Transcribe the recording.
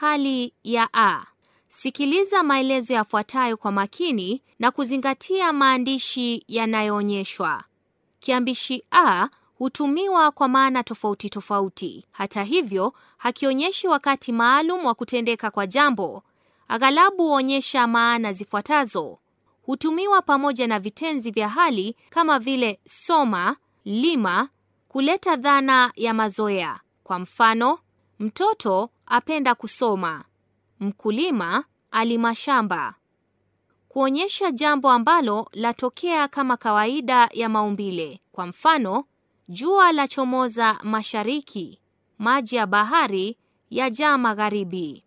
Hali ya A. Sikiliza maelezo yafuatayo kwa makini na kuzingatia maandishi yanayoonyeshwa. Kiambishi a hutumiwa kwa maana tofauti tofauti. Hata hivyo, hakionyeshi wakati maalum wa kutendeka kwa jambo. Aghalabu huonyesha maana zifuatazo: hutumiwa pamoja na vitenzi vya hali kama vile soma, lima, kuleta dhana ya mazoea. Kwa mfano, Mtoto apenda kusoma. Mkulima alima shamba. Kuonyesha jambo ambalo latokea kama kawaida ya maumbile. Kwa mfano, jua lachomoza mashariki, maji ya bahari yajaa magharibi.